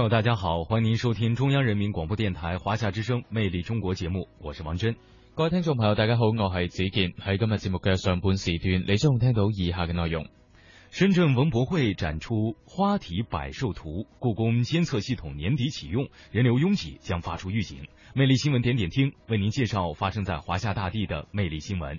各位大家好，歡迎您收聽中央人民廣播電台華夏之聲魅力中國節目，我是王珍。各位聽眾朋友，大家好，我係子健，喺今日節目嘅上半時段，你將會聽到以下嘅內容：深圳文博會展出花體百壽圖，故宮監測系統年底啟用，人流擁擠將發出預警。魅力新聞點點聽，為您介紹發生在華夏大地的魅力新聞。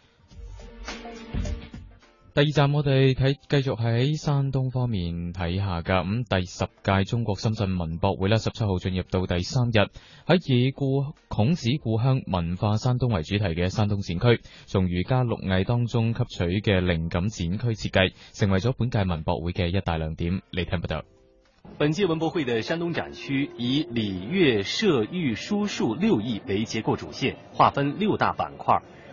第二站我哋睇繼續喺山東方面睇下噶，咁、嗯、第十屆中國深圳文博會啦，十七號進入到第三日，喺以故孔子故鄉文化山東為主題嘅山東展區，從儒家六藝當中吸取嘅靈感，展區設計成為咗本屆文博會嘅一大亮點。你聽唔到？本屆文博會嘅山東展區以禮樂射御書數六藝為結構主線，劃分六大板塊。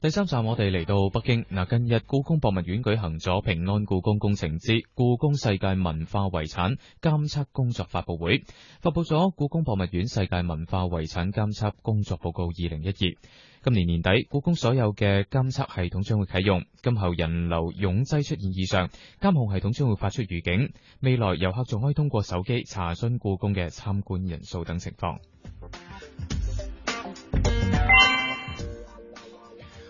第三站我哋嚟到北京。嗱，近日故宮博物院舉行咗平安故宮工程之故宮世界文化遺產監測工作發布會，發布咗故宮博物院世界文化遺產監測工作報告二零一二。今年年底，故宮所有嘅監測系統將會啟用，今後人流擁擠出現異常，監控系統將會發出預警。未來遊客仲可以通過手機查詢故宮嘅參觀人數等情況。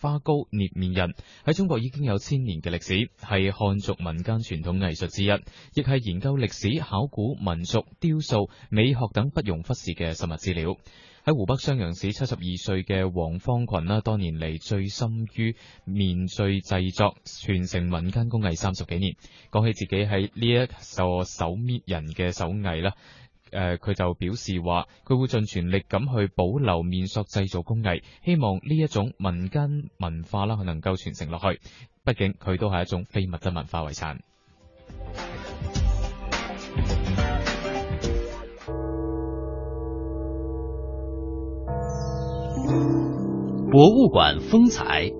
花糕捏麵人喺中國已經有千年嘅歷史，係漢族民間傳統藝術之一，亦係研究歷史、考古、民俗、雕塑、美學等不容忽視嘅實物資料。喺湖北襄陽市七十二歲嘅黃方群啦，多年嚟醉心於麵碎製作，傳承民間工藝三十幾年。講起自己喺呢一座手捏人嘅手藝啦。誒、呃，佢就表示話，佢會盡全力咁去保留麵塑製造工藝，希望呢一種民間文化啦，能夠傳承落去。畢竟佢都係一種非物質文化遺產。博物館風采。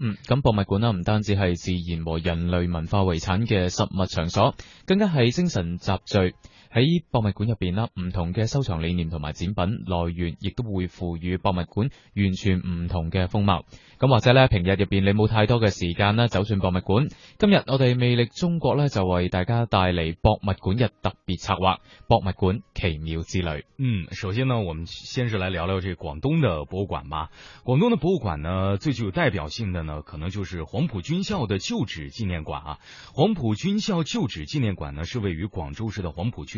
嗯，咁博物館啦、啊，唔單止係自然和人類文化遺產嘅實物場所，更加係精神集聚。喺博物館入邊啦，唔同嘅收藏理念同埋展品來源，亦都會賦予博物館完全唔同嘅風貌。咁或者咧，平日入邊你冇太多嘅時間啦，走進博物館。今日我哋魅力中國咧，就為大家帶嚟博物館日特別策劃——博物館奇妙之旅。嗯，首先呢，我們先是來聊聊這廣東的博物館吧。廣東的博物館呢，最具有代表性的呢，可能就是黃埔軍校的舊址紀念館啊。黃埔軍校舊址紀念館呢，是位於廣州市的黃埔區，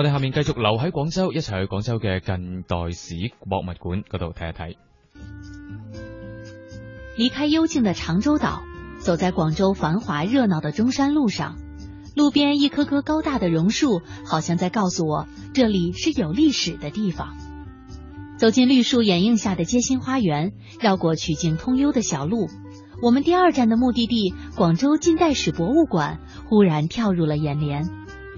我哋下面繼續留喺廣州，一齊去廣州嘅近代史博物館嗰度睇一睇。離開幽靜的長洲島，走在廣州繁華熱鬧的中山路上，路邊一棵棵高大的榕樹，好像在告訴我，這裏是有歷史的地方。走進綠樹掩映下的街心花園，繞過曲徑通幽的小路，我們第二站的目的地——廣州近代史博物館，忽然跳入了眼簾。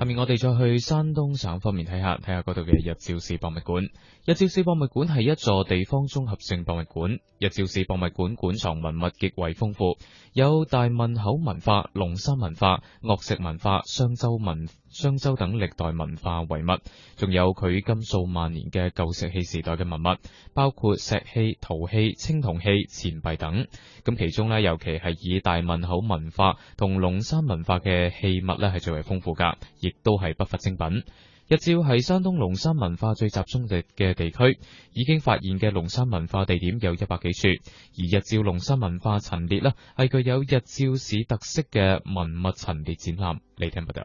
下面我哋再去山東省方面睇下，睇下嗰度嘅日照市博物館。日照市博物館係一座地方綜合性博物館。日照市博物館館，館藏文物極為豐富，有大汶口文化、龍山文化、岳石文化、商周文化。商周等歷代文化遺物，仲有佢今數萬年嘅舊石器時代嘅文物，包括石器、陶器、青銅器、錢幣等。咁其中呢，尤其係以大汶口文化同龍山文化嘅器物呢，係最為豐富噶，亦都係不乏精品。日照係山東龍山文化最集中嘅地區，已經發現嘅龍山文化地點有一百幾處。而日照龍山文化陳列呢，係具有日照市特色嘅文物陳列展覽，你聽不得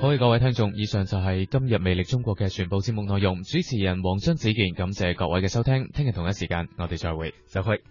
好嘅，各位聽眾，以上就係今日魅力中國嘅全部節目內容。主持人黃章子健，感謝各位嘅收聽。聽日同一時間，我哋再會。再會。